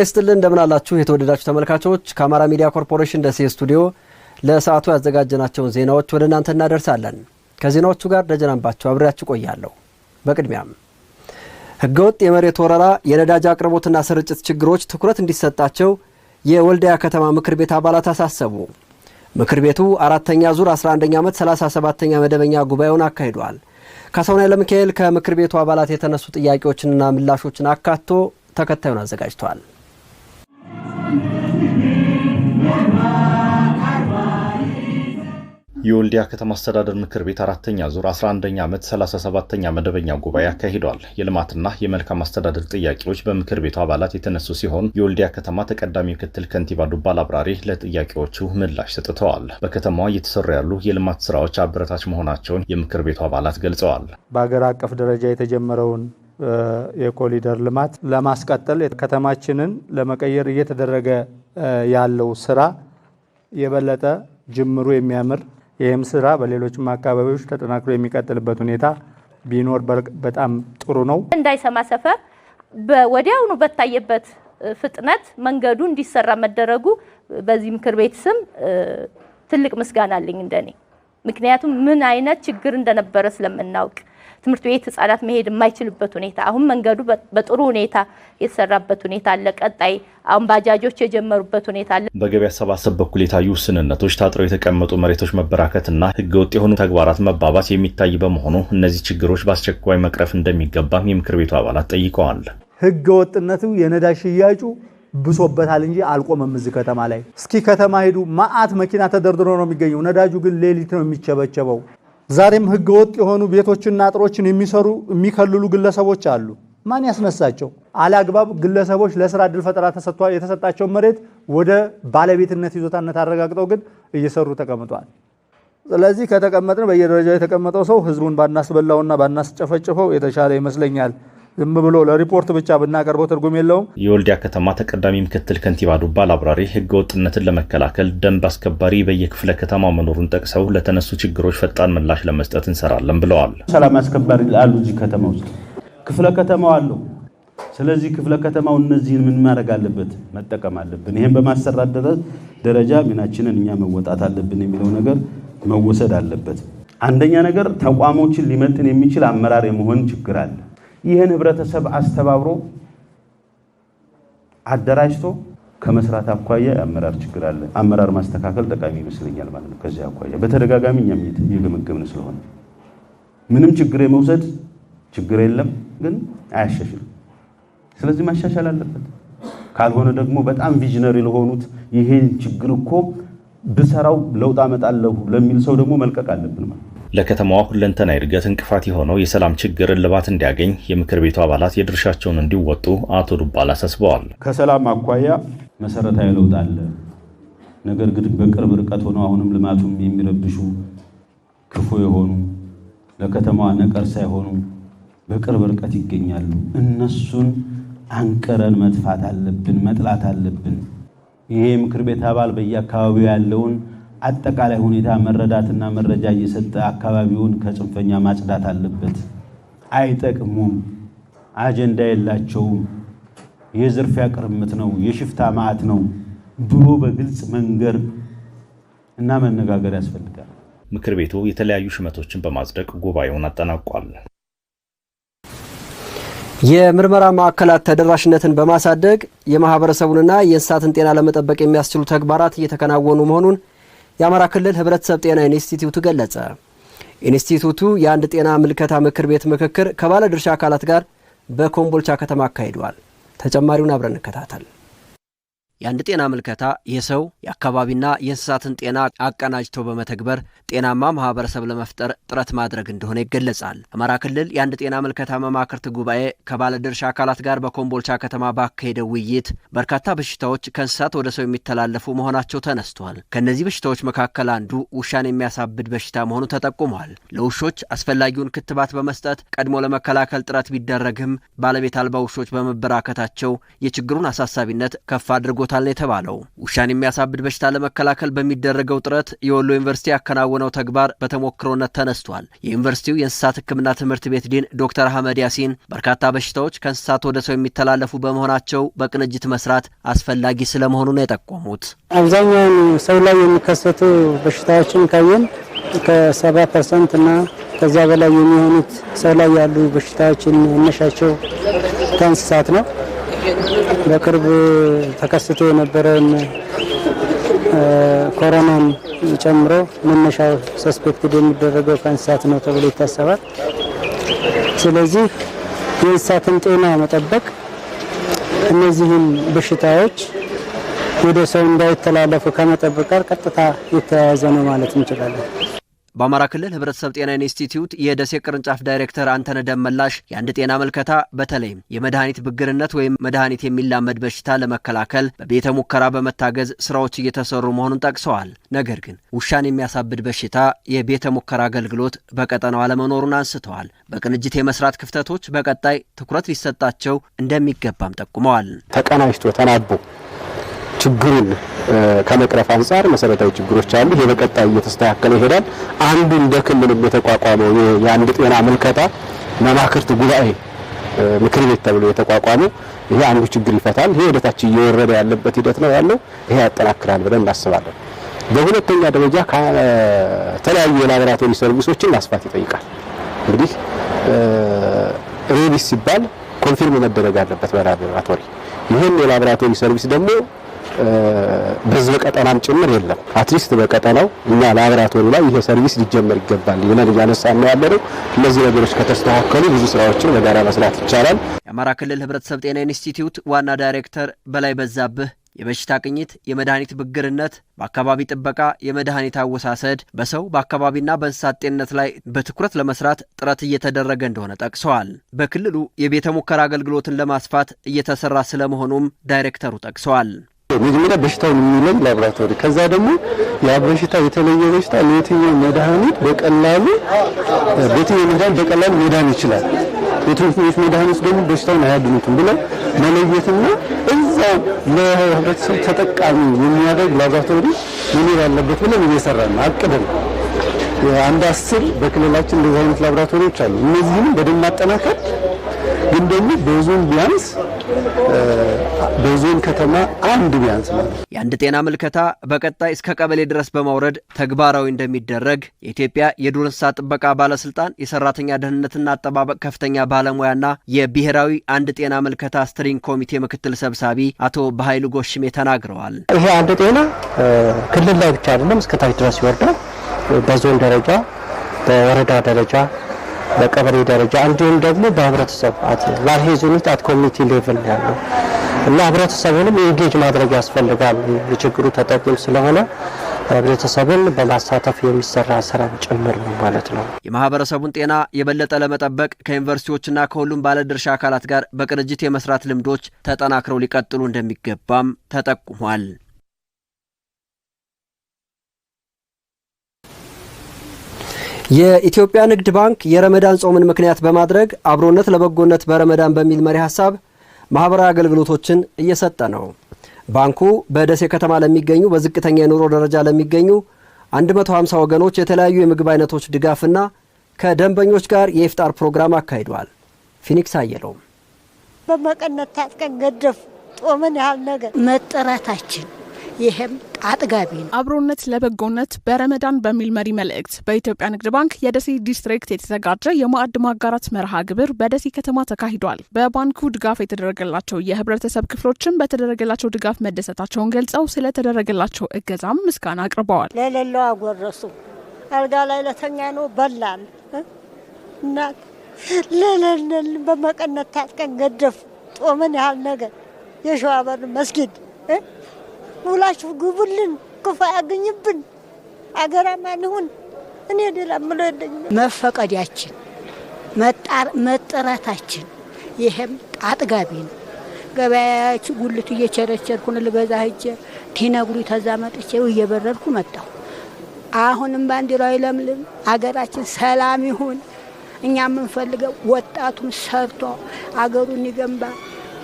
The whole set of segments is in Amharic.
ጤና ይስጥልን እንደምን አላችሁ የተወደዳችሁ ተመልካቾች። ከአማራ ሚዲያ ኮርፖሬሽን ደሴ ስቱዲዮ ለሰዓቱ ያዘጋጀናቸውን ዜናዎች ወደ እናንተ እናደርሳለን። ከዜናዎቹ ጋር ደጀናንባቸው አብሬያችሁ ቆያለሁ። በቅድሚያም ህገወጥ የመሬት ወረራ፣ የነዳጅ አቅርቦትና ስርጭት ችግሮች ትኩረት እንዲሰጣቸው የወልዳያ ከተማ ምክር ቤት አባላት አሳሰቡ። ምክር ቤቱ አራተኛ ዙር 11ኛ ዓመት 37ኛ መደበኛ ጉባኤውን አካሂዷል። ካሳሁን ኃይለሚካኤል ከምክር ቤቱ አባላት የተነሱ ጥያቄዎችንና ምላሾችን አካቶ ተከታዩን አዘጋጅቷል። የወልዲያ ከተማ አስተዳደር ምክር ቤት አራተኛ ዙር 11ኛ ዓመት 37ኛ መደበኛ ጉባኤ አካሂዷል። የልማትና የመልካም አስተዳደር ጥያቄዎች በምክር ቤቱ አባላት የተነሱ ሲሆን የወልዲያ ከተማ ተቀዳሚ ምክትል ከንቲባ ዱባል አብራሪ ለጥያቄዎቹ ምላሽ ሰጥተዋል። በከተማዋ እየተሰሩ ያሉ የልማት ስራዎች አበረታች መሆናቸውን የምክር ቤቱ አባላት ገልጸዋል። በሀገር አቀፍ ደረጃ የተጀመረውን የኮሊደር ልማት ለማስቀጠል ከተማችንን ለመቀየር እየተደረገ ያለው ስራ የበለጠ ጅምሩ የሚያምር ይህም ስራ በሌሎችም አካባቢዎች ተጠናክሮ የሚቀጥልበት ሁኔታ ቢኖር በጣም ጥሩ ነው። እንዳይሰማ ሰፈር ወዲያውኑ በታየበት ፍጥነት መንገዱ እንዲሰራ መደረጉ በዚህ ምክር ቤት ስም ትልቅ ምስጋና አለኝ እንደኔ። ምክንያቱም ምን አይነት ችግር እንደነበረ ስለምናውቅ ትምህርት ቤት ህጻናት መሄድ የማይችልበት ሁኔታ፣ አሁን መንገዱ በጥሩ ሁኔታ የተሰራበት ሁኔታ አለ። ቀጣይ አሁን ባጃጆች የጀመሩበት ሁኔታ አለ። በገቢ አሰባሰብ በኩል የታዩ ውስንነቶች፣ ታጥረው የተቀመጡ መሬቶች መበራከትና ህገወጥ የሆኑ ተግባራት መባባስ የሚታይ በመሆኑ እነዚህ ችግሮች በአስቸኳይ መቅረፍ እንደሚገባም የምክር ቤቱ አባላት ጠይቀዋል። ወጥነቱ የነዳጅ ሽያጩ ብሶበታል እንጂ አልቆመም። እዚህ ከተማ ላይ እስኪ ከተማ ሄዱ፣ ማአት መኪና ተደርድሮ ነው የሚገኘው። ነዳጁ ግን ሌሊት ነው የሚቸበቸበው። ዛሬም ህገወጥ የሆኑ ቤቶችና አጥሮችን የሚሰሩ የሚከልሉ ግለሰቦች አሉ። ማን ያስነሳቸው? አላግባብ ግለሰቦች ለስራ እድል ፈጠራ የተሰጣቸውን መሬት ወደ ባለቤትነት ይዞታነት አረጋግጠው ግን እየሰሩ ተቀምጠዋል። ስለዚህ ከተቀመጥን በየደረጃው የተቀመጠው ሰው ህዝቡን ባናስበላውና ባናስጨፈጭፈው የተሻለ ይመስለኛል። ዝም ብሎ ለሪፖርት ብቻ ብናቀርበው ትርጉም የለውም። የወልዲያ ከተማ ተቀዳሚ ምክትል ከንቲባ ዱባ ላብራሪ ህገ ወጥነትን ለመከላከል ደንብ አስከባሪ በየክፍለ ከተማ መኖሩን ጠቅሰው ለተነሱ ችግሮች ፈጣን ምላሽ ለመስጠት እንሰራለን ብለዋል። ሰላም አስከባሪ አሉ፣ እዚህ ከተማ ውስጥ ክፍለ ከተማው አለው። ስለዚህ ክፍለ ከተማው እነዚህን ምን ማድረግ አለበት? መጠቀም አለብን። ይህም በማሰራት ደረጃ ሚናችንን እኛ መወጣት አለብን የሚለው ነገር መወሰድ አለበት። አንደኛ ነገር ተቋሞችን ሊመጥን የሚችል አመራር የመሆን ችግር አለ። ይህን ህብረተሰብ አስተባብሮ አደራጅቶ ከመስራት አኳያ የአመራር ችግር አለ። አመራር ማስተካከል ጠቃሚ ይመስለኛል ማለት ነው። ከዚህ አኳያ በተደጋጋሚ እኛም የገመገምን ስለሆነ ምንም ችግር የመውሰድ ችግር የለም፣ ግን አያሻሽልም። ስለዚህ ማሻሻል አለበት። ካልሆነ ደግሞ በጣም ቪዥነሪ ለሆኑት ይሄን ችግር እኮ ብሰራው ለውጥ አመጣለሁ ለሚል ሰው ደግሞ መልቀቅ አለብን ማለት ነው። ለከተማዋ ሁለንተና እድገት እንቅፋት የሆነው የሰላም ችግር እልባት እንዲያገኝ የምክር ቤቱ አባላት የድርሻቸውን እንዲወጡ አቶ ዱባል አሳስበዋል። ከሰላም አኳያ መሰረታዊ ለውጥ አለ። ነገር ግን በቅርብ ርቀት ሆነው አሁንም ልማቱም የሚረብሹ ክፉ የሆኑ ለከተማዋ ነቀርሳ የሆኑ በቅርብ ርቀት ይገኛሉ። እነሱን አንቀረን መጥፋት አለብን፣ መጥላት አለብን። ይሄ የምክር ቤት አባል በየአካባቢው ያለውን አጠቃላይ ሁኔታ መረዳትና መረጃ እየሰጠ አካባቢውን ከጽንፈኛ ማጽዳት አለበት። አይጠቅሙም፣ አጀንዳ የላቸውም፣ የዝርፊያ ቅርምት ነው፣ የሽፍታ ማዕት ነው ብሎ በግልጽ መንገር እና መነጋገር ያስፈልጋል። ምክር ቤቱ የተለያዩ ሹመቶችን በማጽደቅ ጉባኤውን አጠናቋል። የምርመራ ማዕከላት ተደራሽነትን በማሳደግ የማህበረሰቡንና የእንስሳትን ጤና ለመጠበቅ የሚያስችሉ ተግባራት እየተከናወኑ መሆኑን የአማራ ክልል ህብረተሰብ ጤና ኢንስቲትዩቱ ገለጸ። ኢንስቲትዩቱ የአንድ ጤና ምልከታ ምክር ቤት ምክክር ከባለድርሻ አካላት ጋር በኮምቦልቻ ከተማ አካሂደዋል። ተጨማሪውን አብረን እንከታተል። የአንድ ጤና ምልከታ የሰው የአካባቢና የእንስሳትን ጤና አቀናጅቶ በመተግበር ጤናማ ማህበረሰብ ለመፍጠር ጥረት ማድረግ እንደሆነ ይገለጻል። አማራ ክልል የአንድ ጤና ምልከታ መማክርት ጉባኤ ከባለድርሻ አካላት ጋር በኮምቦልቻ ከተማ ባካሄደው ውይይት በርካታ በሽታዎች ከእንስሳት ወደ ሰው የሚተላለፉ መሆናቸው ተነስቷል። ከእነዚህ በሽታዎች መካከል አንዱ ውሻን የሚያሳብድ በሽታ መሆኑ ተጠቁሟል። ለውሾች አስፈላጊውን ክትባት በመስጠት ቀድሞ ለመከላከል ጥረት ቢደረግም ባለቤት አልባ ውሾች በመበራከታቸው የችግሩን አሳሳቢነት ከፍ አድርጎ አድርጎታል የተባለው። ውሻን የሚያሳብድ በሽታ ለመከላከል በሚደረገው ጥረት የወሎ ዩኒቨርሲቲ ያከናወነው ተግባር በተሞክሮነት ተነስቷል። የዩኒቨርሲቲው የእንስሳት ሕክምና ትምህርት ቤት ዲን ዶክተር አህመድ ያሲን በርካታ በሽታዎች ከእንስሳት ወደ ሰው የሚተላለፉ በመሆናቸው በቅንጅት መስራት አስፈላጊ ስለመሆኑ ነው የጠቆሙት። አብዛኛውን ሰው ላይ የሚከሰቱ በሽታዎችን ካየን ከሰባ ፐርሰንት እና ከዚያ በላይ የሚሆኑት ሰው ላይ ያሉ በሽታዎችን መነሻቸው ከእንስሳት ነው። በቅርብ ተከስቶ የነበረን ኮሮናን ጨምሮ መነሻው ሰስፔክትድ የሚደረገው ከእንስሳት ነው ተብሎ ይታሰባል። ስለዚህ የእንስሳትን ጤና መጠበቅ እነዚህን በሽታዎች ወደ ሰው እንዳይተላለፉ ከመጠበቅ ጋር ቀጥታ የተያያዘ ነው ማለት እንችላለን። በአማራ ክልል ህብረተሰብ ጤና ኢንስቲትዩት የደሴ ቅርንጫፍ ዳይሬክተር አንተነ ደመላሽ የአንድ ጤና መልከታ በተለይም የመድኃኒት ብግርነት ወይም መድኃኒት የሚላመድ በሽታ ለመከላከል በቤተ ሙከራ በመታገዝ ስራዎች እየተሰሩ መሆኑን ጠቅሰዋል። ነገር ግን ውሻን የሚያሳብድ በሽታ የቤተ ሙከራ አገልግሎት በቀጠናው አለመኖሩን አንስተዋል። በቅንጅት የመስራት ክፍተቶች በቀጣይ ትኩረት ሊሰጣቸው እንደሚገባም ጠቁመዋል። ተቀናጅቶ ተናቦ ችግሩን ከመቅረፍ አንጻር መሰረታዊ ችግሮች አሉ። ይሄ በቀጣይ እየተስተካከለ ይሄዳል። አንዱ እንደ ክልልም የተቋቋመው የአንድ ጤና ምልከታ መማክርት ጉባኤ ምክር ቤት ተብሎ የተቋቋመ ይሄ አንዱ ችግር ይፈታል። ይሄ ወደታች እየወረደ ያለበት ሂደት ነው ያለው። ይሄ ያጠናክራል ብለን እናስባለን። በሁለተኛ ደረጃ ከተለያዩ የላቦራቶሪ ሰርቪሶችን ማስፋት ይጠይቃል። እንግዲህ ሬቢስ ሲባል ኮንፊርም መደረግ አለበት በላቦራቶሪ። ይህን የላቦራቶሪ ሰርቪስ ደግሞ በህዝብ ቀጠናም ጭምር የለም። አትሊስት በቀጠናው እኛ ላብራቶሪ ላይ ይሄ ሰርቪስ ሊጀመር ይገባል ብለን እያነሳን ነው ያለነው። እነዚህ ነገሮች ከተስተካከሉ ብዙ ስራዎችን በጋራ መስራት ይቻላል። የአማራ ክልል ህብረተሰብ ጤና ኢንስቲትዩት ዋና ዳይሬክተር በላይ በዛብህ የበሽታ ቅኝት፣ የመድኃኒት ብግርነት፣ በአካባቢ ጥበቃ፣ የመድኃኒት አወሳሰድ፣ በሰው በአካባቢና በእንስሳት ጤንነት ላይ በትኩረት ለመስራት ጥረት እየተደረገ እንደሆነ ጠቅሰዋል። በክልሉ የቤተ ሙከራ አገልግሎትን ለማስፋት እየተሰራ ስለመሆኑም ዳይሬክተሩ ጠቅሰዋል። መጀመሪያ በሽታውን የሚለይ ላብራቶሪ፣ ከዛ ደግሞ ያ በሽታ የተለየ በሽታ ለየትኛው መድኃኒት በቀላሉ በየትኛው መድኃኒት በቀላሉ መዳን ይችላል፣ የትኞቹ መድኃኒት ደግሞ በሽታውን አያድኑትም ብለው መለየትና እዛ ለህብረተሰብ ተጠቃሚ የሚያደርግ ላብራቶሪ መኖር አለበት ብለን እየሰራ ነው አቅደን አንድ አስር በክልላችን እንደዚህ አይነት ላብራቶሪዎች አሉ። እነዚህም በደንብ ማጠናከር ግን ደግሞ በዞን ቢያንስ በዞን ከተማ አንድ ቢያንስ ማለት የአንድ ጤና ምልከታ በቀጣይ እስከ ቀበሌ ድረስ በማውረድ ተግባራዊ እንደሚደረግ የኢትዮጵያ የዱር እንስሳ ጥበቃ ባለስልጣን የሰራተኛ ደህንነትና አጠባበቅ ከፍተኛ ባለሙያና የብሔራዊ አንድ ጤና ምልከታ ስትሪንግ ኮሚቴ ምክትል ሰብሳቢ አቶ በኃይሉ ጎሽሜ ተናግረዋል። ይሄ አንድ ጤና ክልል ላይ ብቻ አይደለም፣ እስከታች ድረስ ይወርዳል። በዞን ደረጃ፣ በወረዳ ደረጃ በቀበሌ ደረጃ እንዲሁም ደግሞ በህብረተሰብ ላርሄ ዩኒት አት ኮሚኒቲ ሌቭል ያለው እና ህብረተሰቡንም ኢንጌጅ ማድረግ ያስፈልጋል። የችግሩ ተጠቂም ስለሆነ ህብረተሰብን በማሳተፍ የሚሰራ ስራ ጭምር ነው ማለት ነው። የማህበረሰቡን ጤና የበለጠ ለመጠበቅ ከዩኒቨርሲቲዎችና ከሁሉም ባለድርሻ አካላት ጋር በቅንጅት የመስራት ልምዶች ተጠናክረው ሊቀጥሉ እንደሚገባም ተጠቁሟል። የኢትዮጵያ ንግድ ባንክ የረመዳን ጾምን ምክንያት በማድረግ አብሮነት ለበጎነት በረመዳን በሚል መሪ ሀሳብ ማህበራዊ አገልግሎቶችን እየሰጠ ነው። ባንኩ በደሴ ከተማ ለሚገኙ በዝቅተኛ የኑሮ ደረጃ ለሚገኙ 150 ወገኖች የተለያዩ የምግብ አይነቶች ድጋፍና ከደንበኞች ጋር የኢፍጣር ፕሮግራም አካሂዷል። ፊኒክስ አየለውም በመቀነት ታጥቀን ገደፍ ጦምን ያህል ነገር መጠራታችን ይህም አጥጋቢ ነው። አብሮነት ለበጎነት በረመዳን በሚል መሪ መልእክት በኢትዮጵያ ንግድ ባንክ የደሴ ዲስትሪክት የተዘጋጀ የማዕድ ማጋራት መርሃ ግብር በደሴ ከተማ ተካሂዷል። በባንኩ ድጋፍ የተደረገላቸው የህብረተሰብ ክፍሎችም በተደረገላቸው ድጋፍ መደሰታቸውን ገልጸው ስለተደረገላቸው እገዛም ምስጋና አቅርበዋል። ለሌለው አጎረሱ፣ አልጋ ላይ ለተኛ ነው በላል እና ለለለን በመቀነት ታጥቀን ገደፉ ጦምን ያህል ነገር የሸዋበር መስጊድ ውላችሁ ግቡልን፣ ክፉ ያገኝብን፣ አገራማ ንሁን። እኔ ሌላ ምሎ የለኝም። መፈቀዳችን መጠራታችን ይሄም አጥጋቢ ነው። ገበያች ጉልት እየቸረቸርኩን ልገዛ ህጀ ቲነግሩ ተዛመጥቼ እየበረርኩ መጣሁ። አሁንም ባንዲራው ይለምልም፣ አገራችን ሰላም ይሁን። እኛ የምንፈልገው ወጣቱም ሰርቶ አገሩን ይገንባ፣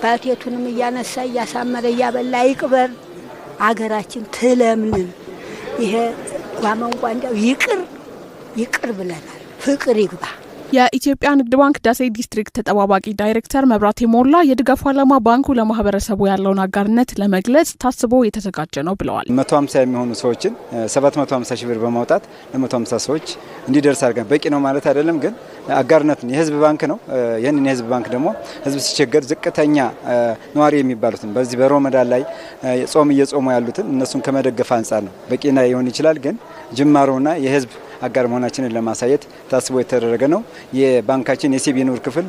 ባልቴቱንም እያነሳ እያሳመረ እያበላ ይቅበር። አገራችን ትለምልም። ይሄ ጓመንቋ ይቅር ይቅር ብለናል። ፍቅር ይግባ። የኢትዮጵያ ንግድ ባንክ ደሴ ዲስትሪክት ተጠባባቂ ዳይሬክተር መብራት የሞላ የድጋፉ ዓላማ ባንኩ ለማህበረሰቡ ያለውን አጋርነት ለመግለጽ ታስቦ የተዘጋጀ ነው ብለዋል። 150 የሚሆኑ ሰዎችን 750 ሺህ ብር በማውጣት ለ150 ሰዎች እንዲደርስ አድርገን በቂ ነው ማለት አይደለም፣ ግን አጋርነት የህዝብ ባንክ ነው። ይህንን የህዝብ ባንክ ደግሞ ህዝብ ሲቸገር ዝቅተኛ ነዋሪ የሚባሉትን በዚህ በሮመዳን ላይ ጾም እየጾሙ ያሉትን እነሱን ከመደገፍ አንጻር ነው። በቂና ይሆን ይችላል፣ ግን ጅማሮና የህዝብ አጋር መሆናችንን ለማሳየት ታስቦ የተደረገ ነው። የባንካችን የሲቢ ኑር ክፍል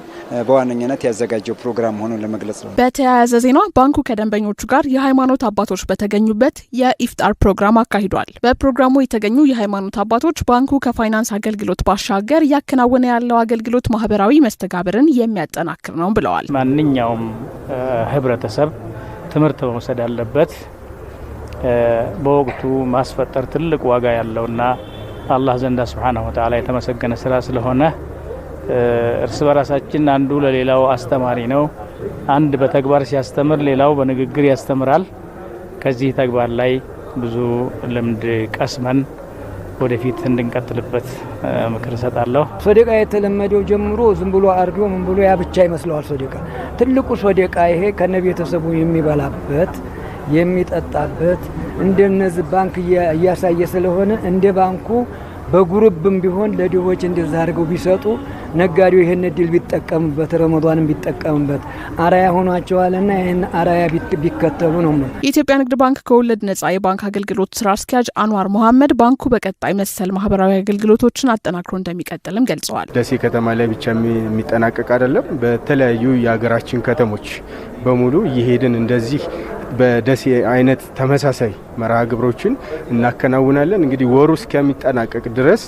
በዋነኝነት ያዘጋጀው ፕሮግራም መሆኑን ለመግለጽ ነው። በተያያዘ ዜና ባንኩ ከደንበኞቹ ጋር የሃይማኖት አባቶች በተገኙበት የኢፍጣር ፕሮግራም አካሂዷል። በፕሮግራሙ የተገኙ የሃይማኖት አባቶች ባንኩ ከፋይናንስ አገልግሎት ባሻገር እያከናወነ ያለው አገልግሎት ማህበራዊ መስተጋብርን የሚያጠናክር ነው ብለዋል። ማንኛውም ህብረተሰብ ትምህርት መውሰድ ያለበት በወቅቱ ማስፈጠር ትልቅ ዋጋ ያለውና አላህ ዘንዳ ስብሓናሁ ወተዓላ የተመሰገነ ስራ ስለሆነ እርስ በራሳችን አንዱ ለሌላው አስተማሪ ነው። አንድ በተግባር ሲያስተምር፣ ሌላው በንግግር ያስተምራል። ከዚህ ተግባር ላይ ብዙ ልምድ ቀስመን ወደፊት እንድንቀጥልበት ምክር እሰጣለሁ። ሶደቃ የተለመደው ጀምሮ ዝም ብሎ አርዶ ምን ብሎ ያ ብቻ ይመስለዋል። ሶደቃ ትልቁ ሶደቃ ይሄ ከነ ቤተሰቡ የሚበላበት የሚጠጣበት እንደነዚህ ባንክ እያሳየ ስለሆነ እንደ ባንኩ በጉርብም ቢሆን ለድሆች እንደዛ አድርገው ቢሰጡ ነጋዴው ይህን እድል ቢጠቀምበት ረመዷንም ቢጠቀምበት አራያ ሆኗቸዋልና ይህን አራያ ቢከተሉ ነው። የኢትዮጵያ ንግድ ባንክ ከወለድ ነጻ የባንክ አገልግሎት ስራ አስኪያጅ አንዋር መሐመድ ባንኩ በቀጣይ መሰል ማህበራዊ አገልግሎቶችን አጠናክሮ እንደሚቀጥልም ገልጸዋል። ደሴ ከተማ ላይ ብቻ የሚጠናቀቅ አይደለም። በተለያዩ የሀገራችን ከተሞች በሙሉ እየሄድን እንደዚህ በደሴ አይነት ተመሳሳይ መርሃ ግብሮችን እናከናውናለን። እንግዲህ ወሩ እስከሚጠናቀቅ ድረስ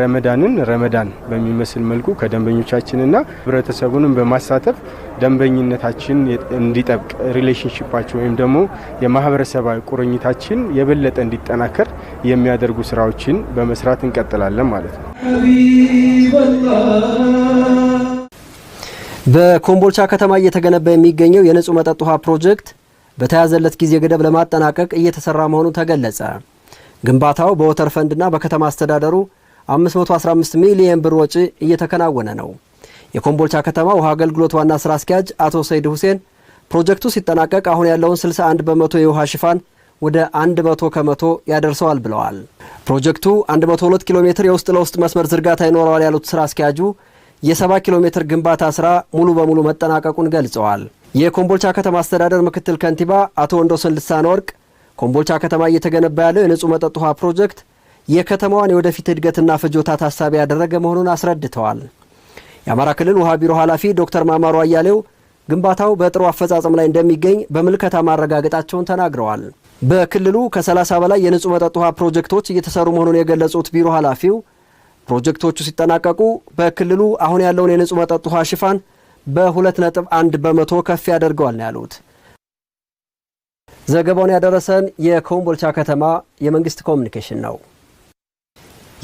ረመዳንን ረመዳን በሚመስል መልኩ ከደንበኞቻችንና ህብረተሰቡንም በማሳተፍ ደንበኝነታችን እንዲጠብቅ ሪሌሽንሽፓችን ወይም ደግሞ የማህበረሰባዊ ቁርኝታችን የበለጠ እንዲጠናከር የሚያደርጉ ስራዎችን በመስራት እንቀጥላለን ማለት ነው። በኮምቦልቻ ከተማ እየተገነባ የሚገኘው የንጹህ መጠጥ ውሃ ፕሮጀክት በተያዘለት ጊዜ ገደብ ለማጠናቀቅ እየተሰራ መሆኑ ተገለጸ። ግንባታው በወተር ፈንድና በከተማ አስተዳደሩ 515 ሚሊየን ብር ወጪ እየተከናወነ ነው። የኮምቦልቻ ከተማ ውሃ አገልግሎት ዋና ስራ አስኪያጅ አቶ ሰይድ ሁሴን ፕሮጀክቱ ሲጠናቀቅ አሁን ያለውን 61 በመቶ የውሃ ሽፋን ወደ 100 ከመቶ ያደርሰዋል ብለዋል። ፕሮጀክቱ 102 ኪሎ ሜትር የውስጥ ለውስጥ መስመር ዝርጋታ ይኖረዋል ያሉት ስራ አስኪያጁ የ70 ኪሎ ሜትር ግንባታ ስራ ሙሉ በሙሉ መጠናቀቁን ገልጸዋል። የኮምቦልቻ ከተማ አስተዳደር ምክትል ከንቲባ አቶ ወንዶሰን ልሳነ ወርቅ ኮምቦልቻ ከተማ እየተገነባ ያለው የንጹህ መጠጥ ውሃ ፕሮጀክት የከተማዋን የወደፊት እድገትና ፍጆታ ታሳቢ ያደረገ መሆኑን አስረድተዋል። የአማራ ክልል ውሃ ቢሮ ኃላፊ ዶክተር ማማሩ አያሌው ግንባታው በጥሩ አፈጻጸም ላይ እንደሚገኝ በምልከታ ማረጋገጣቸውን ተናግረዋል። በክልሉ ከ30 በላይ የንጹህ መጠጥ ውሃ ፕሮጀክቶች እየተሰሩ መሆኑን የገለጹት ቢሮ ኃላፊው ፕሮጀክቶቹ ሲጠናቀቁ በክልሉ አሁን ያለውን የንጹህ መጠጥ ውሃ ሽፋን በሁለት ነጥብ አንድ በመቶ ከፍ ያደርገዋል ነው ያሉት። ዘገባውን ያደረሰን የኮምቦልቻ ከተማ የመንግስት ኮሚኒኬሽን ነው።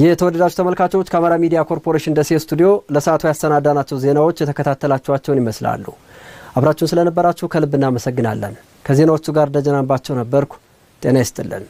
የተወደዳችሁ ተመልካቾች ከአማራ ሚዲያ ኮርፖሬሽን ደሴ ስቱዲዮ ለሰዓቱ ያሰናዳናቸው ዜናዎች የተከታተላችኋቸውን ይመስላሉ። አብራችሁን ስለነበራችሁ ከልብ እናመሰግናለን። ከዜናዎቹ ጋር ደጀናንባቸው ነበርኩ። ጤና ይስጥልን።